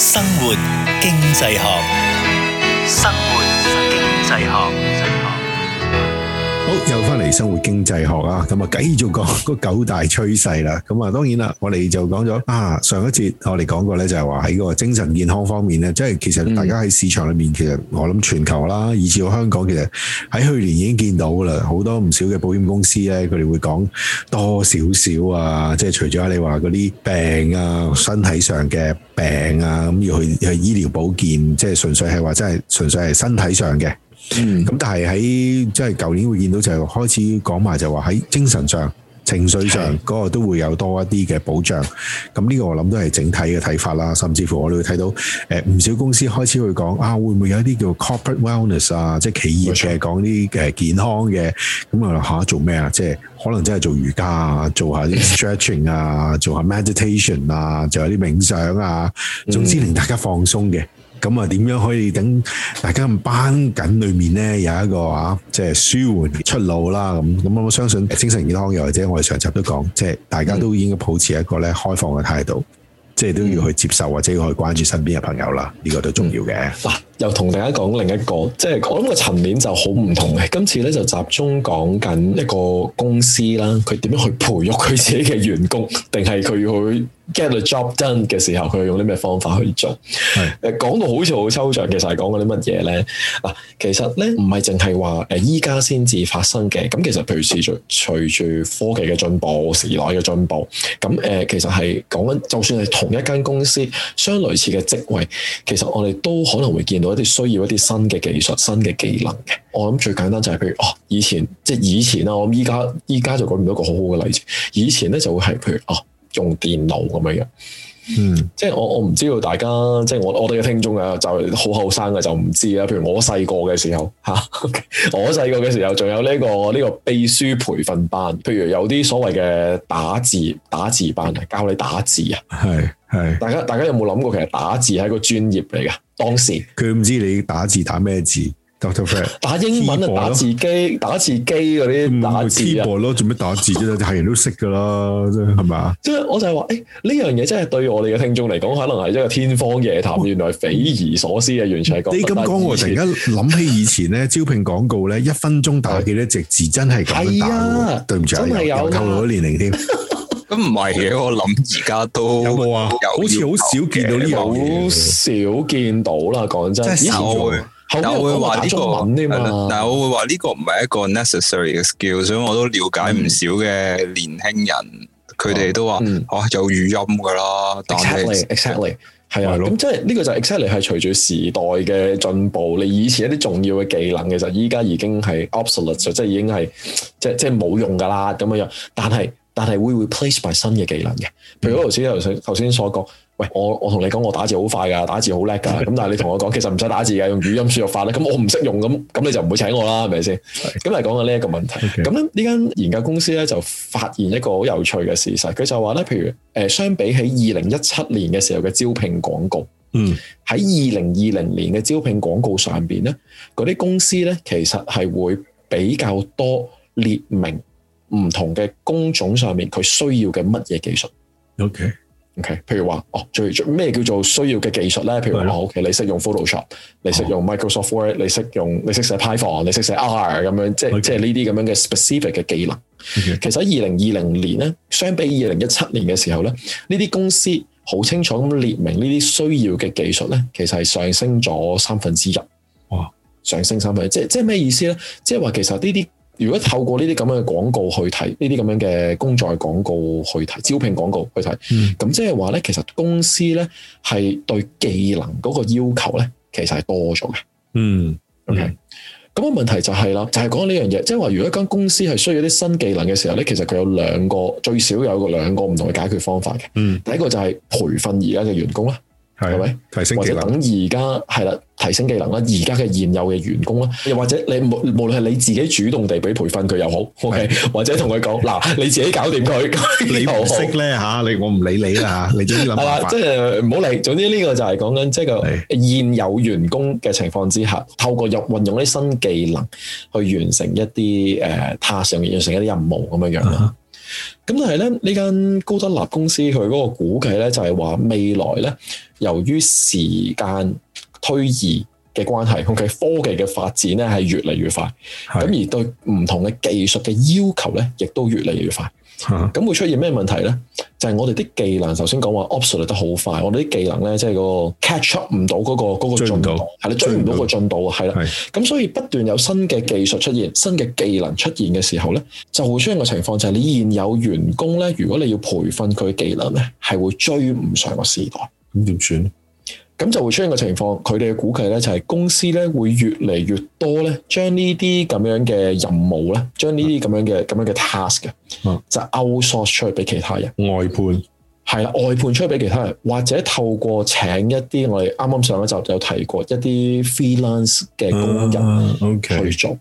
生活經濟學，生活經濟學。好，又翻嚟生活經濟學啊，咁啊，繼續講個九大趨勢啦。咁啊，當然啦，我哋就講咗啊，上一節我哋講過呢，就係話喺個精神健康方面呢，即係其實大家喺市場裏面，其實我諗全球啦，以至到香港，其實喺去年已經見到噶啦，好多唔少嘅保險公司呢，佢哋會講多少少啊，即係除咗你話嗰啲病啊，身體上嘅病啊，咁要去去醫療保健，即係純粹係話，真係純粹係身體上嘅。嗯，咁但係喺即係舊年會見到就係開始講埋就話喺精神上、嗯、情緒上嗰、嗰個都會有多一啲嘅保障。咁呢個我諗都係整體嘅睇法啦，甚至乎我哋會睇到誒唔、呃、少公司開始會講啊，會唔會有一啲叫 corporate wellness 啊，即係企業嘅講啲誒健康嘅。咁、嗯、啊吓做咩啊？即係可能真係做瑜伽啊，做下 stretching 啊，做下 meditation 啊，做下啲冥想啊，嗯、總之令大家放鬆嘅。咁啊，點樣可以等大家咁班緊裏面呢？有一個啊，即係舒緩出路啦咁。咁我相信精神健康又或者我哋上集都講，即係大家都應該保持一個咧開放嘅態度，嗯，即係都要去接受或者去關注身邊嘅朋友啦。嗯，呢個都重要嘅。啊又同大家講另一個，即係我諗個層面就好唔同嘅。今次咧就集中講緊一個公司啦，佢點樣去培育佢自己嘅員工，定係佢要去 get the job done 嘅時候，佢用啲咩方法去做？係講到好似好抽象，其實係講緊啲乜嘢咧？嗱，其實咧唔係淨係話誒依家先至發生嘅。咁其實譬如隨住隨住科技嘅進步、時代嘅進步，咁誒其實係講緊就算係同一間公司相類似嘅職位，其實我哋都可能會見到。一啲需要一啲新嘅技術、新嘅技能嘅，我諗最簡單就係、是、譬如哦，以前即係以前啦，我依家依家就講唔到一個好好嘅例子。以前咧就會係譬如哦，用電腦咁樣樣。嗯，即係我我唔知道大家，即係我我哋嘅聽眾啊，就好後生嘅就唔知啦。譬如我細個嘅時候，吓 我細個嘅時候，這個，仲有呢個呢個秘書培訓班，譬如有啲所謂嘅打字打字班，教你打字啊。係係，大家大家有冇諗過其實打字係一個專業嚟㗎？當時佢唔知你打字打咩字。打英文啊，打字機，打字機嗰啲打字黐 b o 咯，做咩打字啫？係人、嗯就是、 都識噶啦，真係咪啊？即係我就係話，誒，呢樣嘢真係對我哋嘅聽眾嚟講，可能係一個天方夜譚。原來匪夷所思嘅，完全係。你今朝我突然間諗起以前咧， 招聘廣告咧，一分鐘打幾多隻字，真係咁打、啊。對唔住，真係有透露咗年齡添。咁唔係嘅，我諗而家都冇啊，有有好似好少見到呢樣好少見到啦，講真的，真但我會話呢、這個我但我會話呢個唔係一個 necessary 嘅 skill，所以我都了解唔少嘅年輕人，佢、嗯、哋都話：嗯、啊，有語音噶啦。Exactly，exactly 係啊，咁、exactly. 即係呢、這個就是 exactly 係隨住時代嘅進步，你以前一啲重要嘅技能，其實依家已經係 obsolete，即係已經係即即係冇用噶啦咁樣。但係但係會 replace by 新嘅技能嘅，譬如我頭先頭先頭先所講。嗯喂，我我同你講，我打字好快噶，打字好叻噶。咁但係你同我講，其實唔使打字噶，用語音輸入法咧。咁我唔識用咁，咁你就唔會請我啦，係咪先？咁嚟講下呢一個問題，咁呢間研究公司咧就發現一個好有趣嘅事實，佢就話咧，譬如誒、呃，相比起二零一七年嘅時候嘅招聘廣告，嗯，喺二零二零年嘅招聘廣告上邊咧，嗰啲公司咧其實係會比較多列明唔同嘅工種上面佢需要嘅乜嘢技術。O K。Okay, 譬如話哦，最最咩叫做需要嘅技術咧？譬如話，O K，你識用 Photoshop，你識用 Microsoft Word，你識用你識寫 Python，你識寫 R 咁樣，即係即係呢啲咁樣嘅 specific 嘅技能。Okay. 其實喺二零二零年咧，相比二零一七年嘅時候咧，呢啲公司好清楚咁列明呢啲需要嘅技術咧，其實係上升咗三分之一。哇，上升三分一，即係即係咩意思咧？即係話其實呢啲。如果透過呢啲咁樣嘅廣告去睇，呢啲咁樣嘅公眾廣告去睇，招聘廣告去睇，咁即係話咧，其實公司咧係對技能嗰個要求咧，其實係多咗嘅。嗯，OK，咁，嗯，個問題就係啦，就係講呢樣嘢，即係話如果一間公司係需要啲新技能嘅時候咧，其實佢有兩個最少有個兩個唔同嘅解決方法嘅。嗯，第一個就係培訓而家嘅員工啦。係咪提升或者等而家係啦？提升技能啦，而家嘅現有嘅員工啦，又或者你無無論係你自己主動地俾培訓佢又好，OK，或者同佢講嗱，你自己搞掂佢 懂。 你唔識咧吓，你我唔理你啦，你自己諗。係啦，即係唔好理。總之呢個就係講緊即係個現有員工嘅情況之下，透過入運用啲新技能去完成一啲誒，他、uh, 上完成一啲任務咁樣樣咁但係咧，呢間高德納公司佢嗰個估計咧，就係話未來咧，由於時間推移嘅關係同佢、okay? 科技嘅發展咧係越嚟越快，咁而對唔同嘅技術嘅要求咧，亦都越嚟越快。咁、啊、會出現咩問題咧？就係、是、我哋啲技能，首先講話 obsolete 得好快，我哋啲技能咧，即係嗰個 catch up 唔到嗰、那個嗰進度，係你追唔到個進度，啊。係啦。咁所以不斷有新嘅技術出現、新嘅技能出現嘅時候咧，就會出現一個情況，就係、是、你現有員工咧，如果你要培訓佢嘅技能咧，係會追唔上個時代。咁點算？咁就會出現個情況，佢哋嘅估計咧就係公司咧會越嚟越多咧，將呢啲咁樣嘅任務咧，將呢啲咁樣嘅咁樣嘅 task 嘅、啊，就 outsource 出去俾其他人外判，係啊外判出去俾其他人，或者透過請一啲我哋啱啱上一集有提過一啲 freelance 嘅工人去做、啊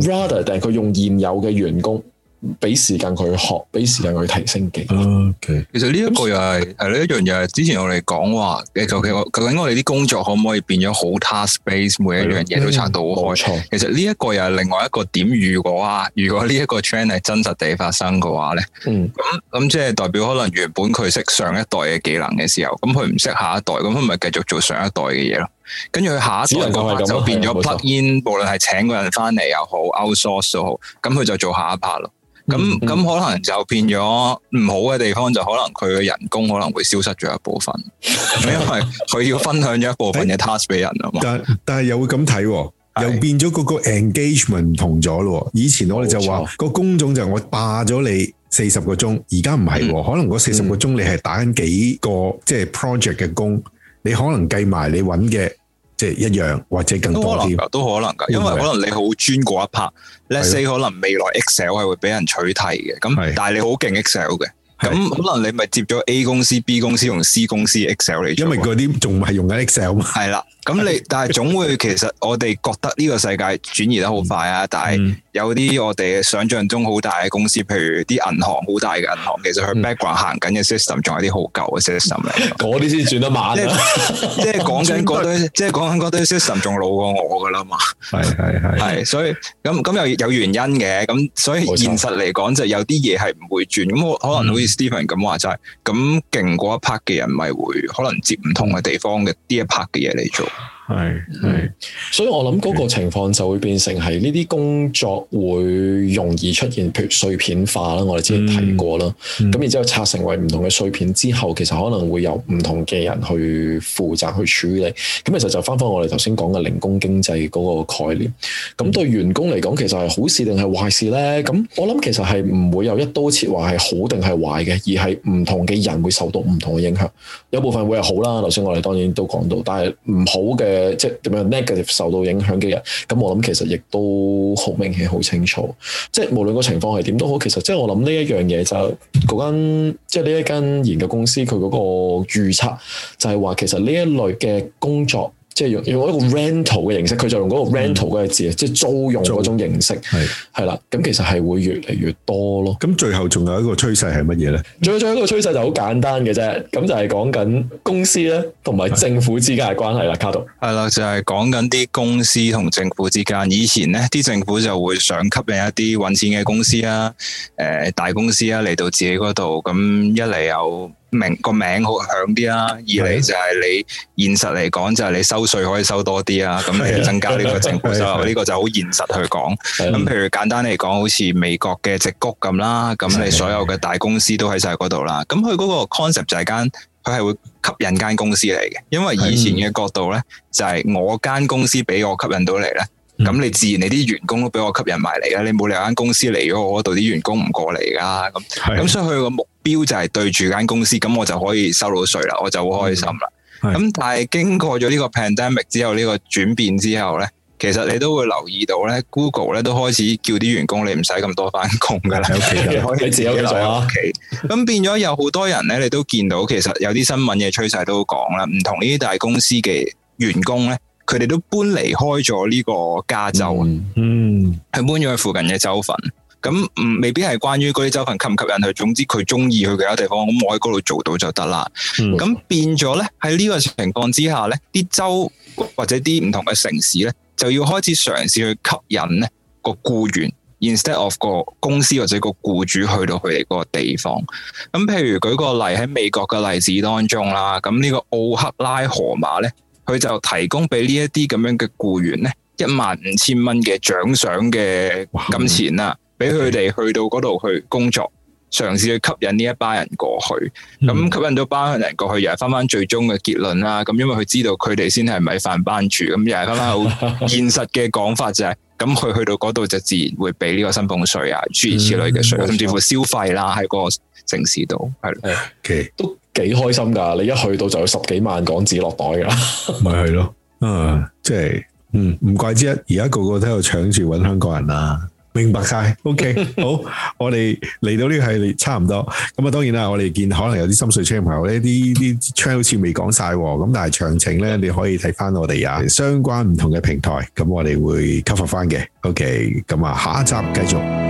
okay.，rather than 佢用現有嘅員工。俾時間佢學，俾時間佢提升嘅、okay. 嗯嗯。其實呢一個又係呢一樣嘢，係之前我哋講話究竟我我哋啲工作可唔可以變咗好 task-based，每一樣嘢都拆到好開？其實呢一個又係另外一個點。如果啊，如果呢一個 trend 係真實地發生嘅話呢，咁咁即係代表可能原本佢識上一代嘅技能嘅時候，咁佢唔識下一代，咁佢咪繼續做上一代嘅嘢咯？跟住佢下一代就變咗 plug in，無論係請個人翻嚟又好 outsource 都好，咁、嗯、佢就做下一 part 咯。咁咁可能就變咗唔好嘅地方，就可能佢嘅人工可能會消失咗一部分， 因為佢要分享咗一部分嘅 task 俾人啊嘛。但是是但係又會咁睇、哦，又變咗嗰個 engagement 唔同咗咯、哦。以前我哋就話、個工種就係我霸咗你四十個鐘，而家唔係，可能嗰四十個鐘你係打緊幾個即係、就是、project 嘅工，你可能計埋你搵嘅。即係一樣或者更多都可能噶，都可能，都可能，因為可能你好專嗰一 part。Let's say 可能未來 Excel 係會俾人取替嘅，咁，但係你好勁 Excel 嘅，咁可能你咪接咗 A 公司、B 公司同 C 公司 Excel 嚟。因為嗰啲仲係用緊 Excel 嘛。係啦，咁你但係總會， 其實我哋覺得呢個世界轉移得好快啊，嗯，但係。嗯有啲我哋想象中好大嘅公司，譬如啲銀行，好大嘅銀行，其實佢 background 行緊嘅 system 仲有啲好舊嘅 system 嚟，嗰啲先轉得慢。即係講緊嗰堆，即係講緊嗰堆 system 仲 老過我噶啦嘛。係係係。所以咁咁又有原因嘅。咁所以現實嚟講，就有啲嘢係唔會轉。咁我可能好似 Stephen 咁話就係，咁勁嗰一 part 嘅人咪會可能接唔同嘅地方嘅呢一 part 嘅嘢嚟做。係係、嗯，所以我諗嗰個情況就會變成係呢啲工作會容易出現，譬如碎片化啦，我哋之前提過啦。咁、嗯嗯、然之後拆成為唔同嘅碎片之後，其實可能會有唔同嘅人去負責去處理。咁其實就翻返我哋頭先講嘅零工經濟嗰個概念。咁、嗯、對員工嚟講，其實係好事定係壞事咧？咁我諗其實係唔會有一刀切話係好定係壞嘅，而係唔同嘅人會受到唔同嘅影響。有部分會係好啦，頭先我哋當然都講到，但係唔好嘅。誒，即係點樣 negative 受到影響嘅人，咁我諗其實亦都好明顯好清楚。即係無論個情況係點都好，其實即係我諗呢一樣嘢就嗰間，即係呢一間研究公司佢嗰個預測，就係話其實呢一類嘅工作。即係用一個 rental 嘅形式，佢就用嗰個 rental 嗰個字，嗯、即係租用嗰種形式係係啦。咁其實係會越嚟越多咯。咁最後仲有一個趨勢係乜嘢咧？最最後一個趨勢就好簡單嘅啫，咁就係講緊公司咧同埋政府之間嘅關係啦。Cardo 係啦，就係講緊啲公司同政府之間。以前咧，啲政府就會想吸引一啲揾錢嘅公司啊，誒、嗯呃，大公司啊嚟到自己嗰度。咁一嚟有。名個名好響啲啦，二嚟就係你現實嚟講就係你收稅可以收多啲啦。咁你增加呢個政府收入呢個就好現實去講。咁譬如簡單嚟講，好似美國嘅矽谷咁啦，咁你所有嘅大公司都喺晒嗰度啦，咁佢嗰個 concept 就係間佢係會吸引間公司嚟嘅，因為以前嘅角度呢、就係，就係我間公司俾我吸引到嚟呢。咁你自然你啲員工都俾我吸引埋嚟啦，你冇理由間公司嚟咗我嗰度啲員工唔過嚟噶，咁咁所以佢個目標就係對住間公司，咁我就可以收到稅啦，我就好開心啦。咁但係經過咗呢個 pandemic 之後，呢個轉變之後咧，其實你都會留意到咧，Google 咧都開始叫啲員工你唔使咁多返工噶啦，喺屋企可以自己留喺屋企。咁變咗有好多人咧，你都見到其實有啲新聞嘅趨勢都講啦，唔同呢啲大公司嘅員工咧。佢哋都搬離開咗呢個加州啊，嗯，佢、嗯、搬咗去附近嘅州份。咁嗯，未必係關於嗰啲州份吸唔吸引佢。總之佢中意去其他，他地方，咁我喺嗰度做到就得啦。咁、嗯、變咗咧，喺呢個情況之下咧，啲州或者啲唔同嘅城市咧，就要開始嘗試去吸引咧個僱員，instead of 個公司或者個僱主去到佢哋嗰個地方。咁譬如舉個例喺美國嘅例子當中啦，咁呢個奧克拉荷馬咧。佢就提供俾呢一啲咁樣嘅僱員咧，一萬五千蚊嘅獎賞嘅金錢啦，俾佢哋去到嗰度去工作。嘗試去吸引呢一班人過去，咁、嗯、吸引到班人過去，又係返返最終嘅結論啦。咁因為佢知道佢哋先係咪犯班主，咁又係返返好現實嘅講法就係，咁 佢去到嗰度就自然會俾呢個薪俸稅啊，諸如此類嘅稅，甚至乎消費啦喺個城市度，係，okay. 都幾開心噶。你一去到就有十幾萬港紙落袋噶啦，咪係咯，嗯即係，嗯，唔怪之一，而家個個都喺度搶住搵香港人啦。明白晒，OK，好，我哋嚟到呢個系列差唔多，咁啊，當然啦，我哋見可能有啲心水車朋友呢啲啲車好似未講晒，咁但係詳情呢，你可以睇翻我哋啊相關唔同嘅平台，咁我哋會 cover 翻嘅，OK，咁啊，下一集繼續。